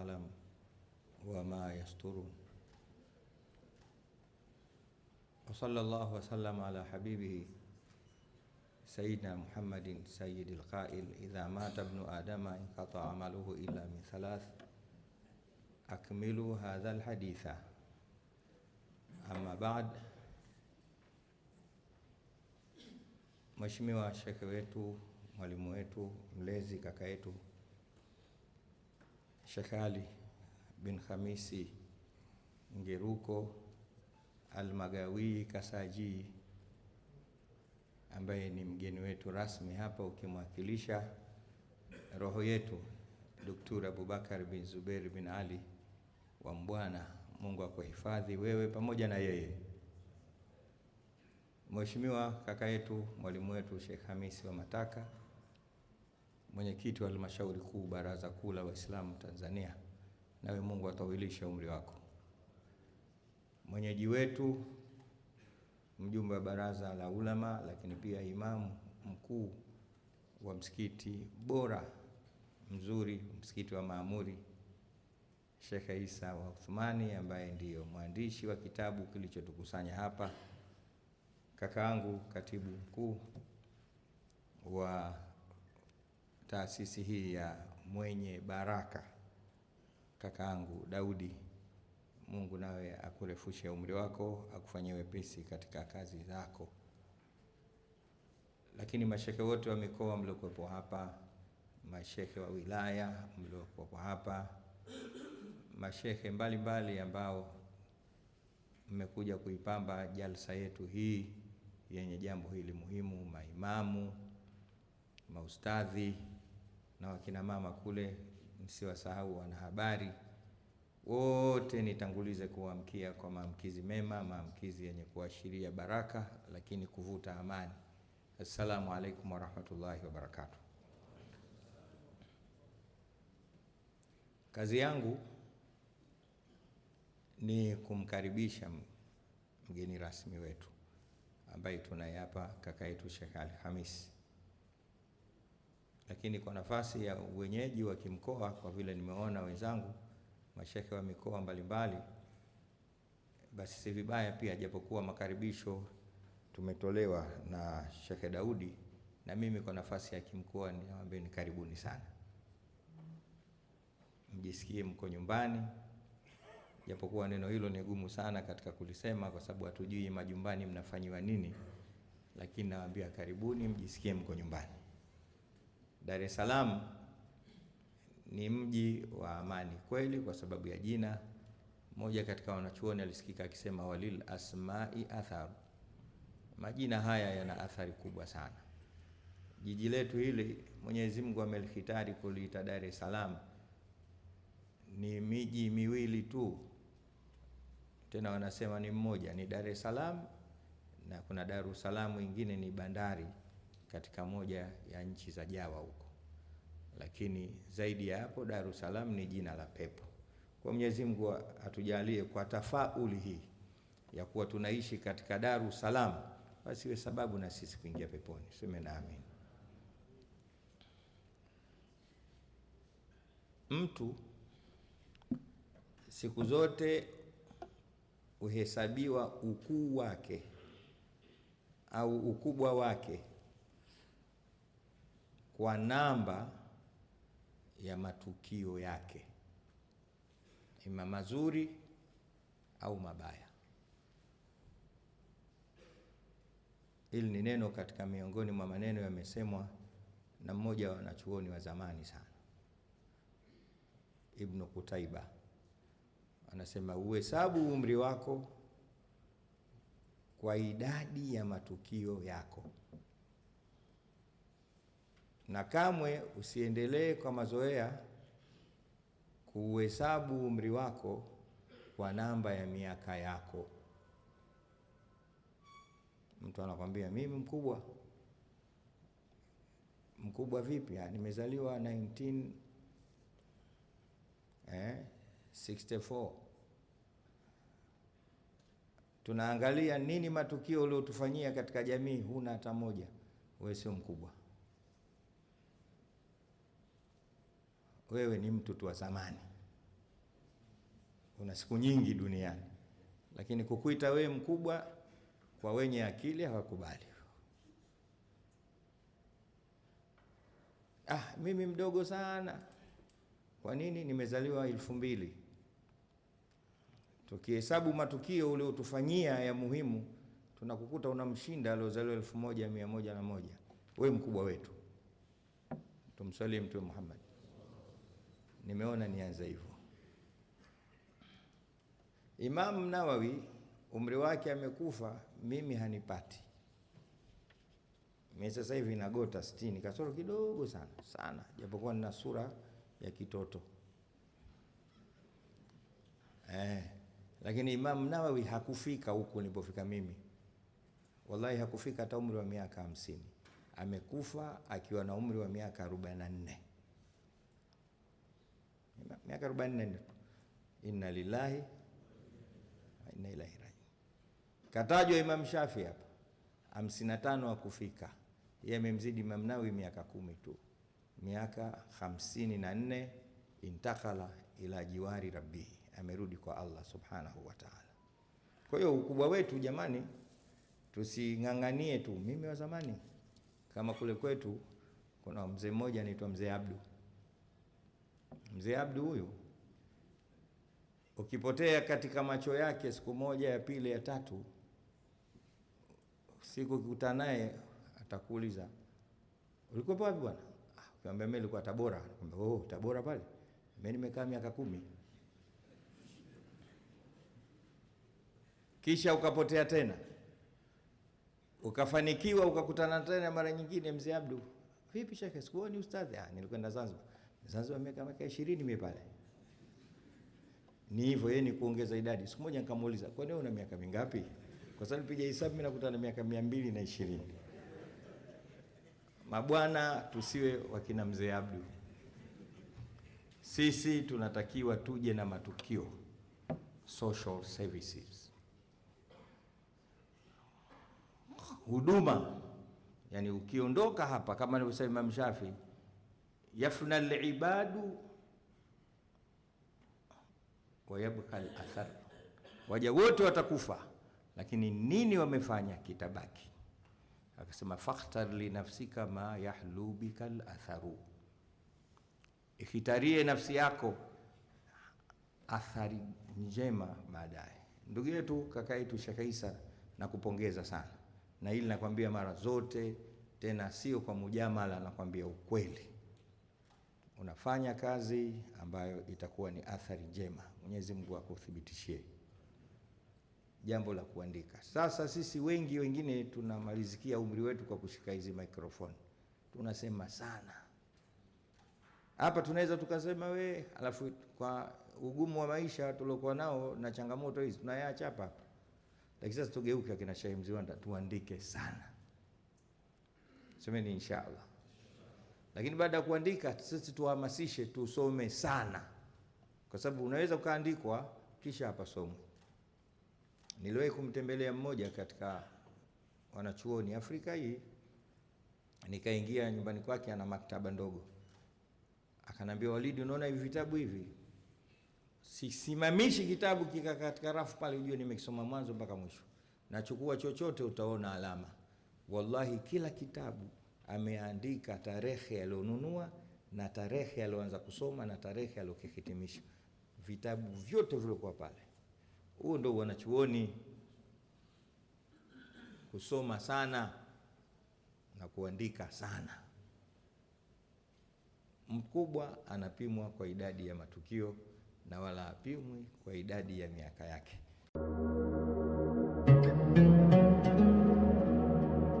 القلم وما يسطرون وصلى الله وسلم على حبيبه سيدنا محمد سيد القائل إذا مات ابن آدم انقطع عمله إلا من ثلاث أكملوا هذا الحديث أما بعد Mheshimiwa Sheikh wetu, mwalimu wetu, Sheikh Ali bin Khamisi Ngeruko Almagawi Kasaji ambaye ni mgeni wetu rasmi hapa ukimwakilisha roho yetu Dr. Abubakar bin Zubair bin Ali wa Mbwana. Mungu akuhifadhi wewe pamoja na yeye. Mheshimiwa kaka yetu mwalimu wetu Sheikh Hamisi wa Mataka mwenyekiti wa halmashauri kuu baraza kuu la Waislamu Tanzania, nawe Mungu atawilisha umri wako. Mwenyeji wetu mjumbe wa baraza la ulama, lakini pia imamu mkuu wa msikiti bora mzuri, msikiti wa Maamuri, Shekhe Isa wa Uthmani ambaye ndiyo mwandishi wa kitabu kilichotukusanya hapa, kakaangu katibu mkuu wa taasisi hii ya Mwenye Baraka, kakaangu Daudi, Mungu nawe akurefushe umri wako, akufanyie wepesi katika kazi zako. Lakini mashehe wote wa mikoa mliokuwepo hapa, mashehe wa wilaya mliokuwepo hapa, mashehe mbalimbali ambao mmekuja kuipamba jalsa yetu hii yenye jambo hili muhimu, maimamu, maustadhi na wakinamama kule, msiwasahau wanahabari wote. Nitangulize kuamkia kwa maamkizi mema, maamkizi yenye kuashiria baraka, lakini kuvuta amani. Assalamu alaikum warahmatullahi wabarakatuh. Kazi yangu ni kumkaribisha mgeni rasmi wetu ambaye hapa kaka yetu Sheikh Ali Hamisi lakini kwa nafasi ya wenyeji wa kimkoa, kwa vile nimeona wenzangu mashehe wa mikoa mbalimbali, basi si vibaya pia, japokuwa makaribisho tumetolewa na Shekhe Daudi, na mimi kwa nafasi ya kimkoa niwaambie ni karibuni sana, mjisikie mko nyumbani, japokuwa neno hilo ni gumu sana katika kulisema, kwa sababu hatujui majumbani mnafanyiwa nini, lakini nawaambia karibuni, mjisikie mko nyumbani. Dar es Salaam ni mji wa amani kweli, kwa sababu ya jina moja. Katika wanachuoni alisikika akisema walil asmai athar majina haya yana athari kubwa sana. Jiji letu hili Mwenyezi Mungu amelihitari kuliita Dar es Salaam. Ni miji miwili tu, tena wanasema ni mmoja, ni Dar es Salaam na kuna Dar es Salaam ingine ni bandari katika moja ya nchi za Jawa huko, lakini zaidi ya hapo Dar es Salaam ni jina la pepo. Kwa Mwenyezi Mungu atujalie kwa tafauli hii ya kuwa tunaishi katika Dar es Salaam, basi iwe sababu na sisi kuingia peponi. Seme na amin. Mtu siku zote uhesabiwa ukuu wake au ukubwa wake kwa namba ya matukio yake, ima mazuri au mabaya. Hili ni neno katika miongoni mwa maneno yamesemwa na mmoja wa wanachuoni wa zamani sana, Ibnu Kutaiba, anasema uhesabu umri wako kwa idadi ya matukio yako na kamwe usiendelee kwa mazoea kuuhesabu umri wako kwa namba ya miaka yako. Mtu anakwambia mimi mkubwa. Mkubwa vipi? Ah, nimezaliwa 19 eh, 64. Tunaangalia nini matukio uliotufanyia katika jamii, huna hata moja, wewe sio mkubwa. wewe ni mtu tu wa zamani, una siku nyingi duniani, lakini kukuita wewe mkubwa kwa wenye akili hawakubali. Ah, mimi mdogo sana. Kwa nini? Nimezaliwa elfu mbili. Tukihesabu matukio uliotufanyia ya muhimu, tunakukuta unamshinda aliozaliwa elfu moja mia moja na moja. Wewe mkubwa wetu. Tumswalie Mtume Muhammad nimeona nianza hivyo. Imam Nawawi umri wake amekufa, mimi hanipati mimi sasa hivi nagota sitini kasoro kidogo sana sana, japokuwa nina sura ya kitoto eh, lakini Imam Nawawi hakufika huku nilipofika mimi, wallahi hakufika hata umri wa miaka hamsini. Amekufa akiwa na umri wa miaka arobaini na nne miaka 44 Inna lillahi wa inna ilaihi rajiun. Katajwa Imam Shafi hapa 55 kufika, yeye amemzidi Imam Nawawi miaka kumi tu, miaka 54 intakala ila jiwari rabbihi, amerudi kwa Allah subhanahu wa ta'ala. Kwa hiyo ukubwa wetu jamani, tusing'ang'anie tu. Mimi wa zamani kama kule kwetu kuna mzee mmoja anaitwa mzee Abdu Mzee Abdu huyu ukipotea katika macho yake siku moja ya pili ya tatu, siku ukikutana naye atakuuliza ulikuwa wapi bwana? Ah, Ukiambia mimi nilikuwa Tabora, kumbe oh, Tabora pale mimi nimekaa miaka kumi. Kisha ukapotea tena, ukafanikiwa, ukakutana tena mara nyingine, mzee Abdu, vipi shekhe, sikuoni ustadhi? Ah, nilikwenda Zanzibar. Zanzibar miaka miaka 20 mimi pale. Ni hivyo yeye ni kuongeza idadi. Siku moja nikamuuliza, "Kwa nini una miaka mingapi?" Kwa sababu piga hesabu mimi nakutana miaka mia mbili na ishirini. Mabwana, tusiwe wakina mzee Abdu. Sisi tunatakiwa tuje na matukio social services, huduma. Yani ukiondoka hapa, kama alivyosema Imam Shafi yafna alibadu wayabka wa yabqa athar waja wote watakufa, lakini nini wamefanya kitabaki. Akasema fakhtar li nafsika ma yahlu bika al ikhitarie nafsi yako athari njema baadaye. Ndugu yetu kaka yetu Sheikh Isa, nakupongeza sana, na hili nakwambia mara zote tena, sio kwa mujamala, nakwambia ukweli unafanya kazi ambayo itakuwa ni athari njema, Mwenyezi Mungu akuthibitishie. Jambo la kuandika sasa, sisi wengi wengine tunamalizikia umri wetu kwa kushika hizi microphone, tunasema sana hapa. Tunaweza tukasema we, alafu kwa ugumu wa maisha tuliokuwa nao na changamoto hizi tunayaacha hapa hapa, lakini sasa tugeuke akina Sheikh Mziwanda tuandike sana, semeni inshallah. Lakini baada ya kuandika, sisi tuhamasishe tusome sana, kwa sababu unaweza ukaandikwa kisha somo. Niliwahi kumtembelea mmoja katika wanachuoni Afrika hii, nikaingia nyumbani kwake, ana maktaba ndogo, akanambia, Walidi, unaona hivi vitabu hivi, sisimamishi kitabu kika katika rafu pale, ujue nimekisoma mwanzo mpaka mwisho, nachukua chochote, utaona alama. Wallahi, kila kitabu ameandika tarehe alionunua na tarehe alioanza kusoma na tarehe aliokihitimisha, vitabu vyote vilikuwa pale. Huo ndio wanachuoni kusoma sana na kuandika sana. Mkubwa anapimwa kwa idadi ya matukio na wala apimwi kwa idadi ya miaka yake.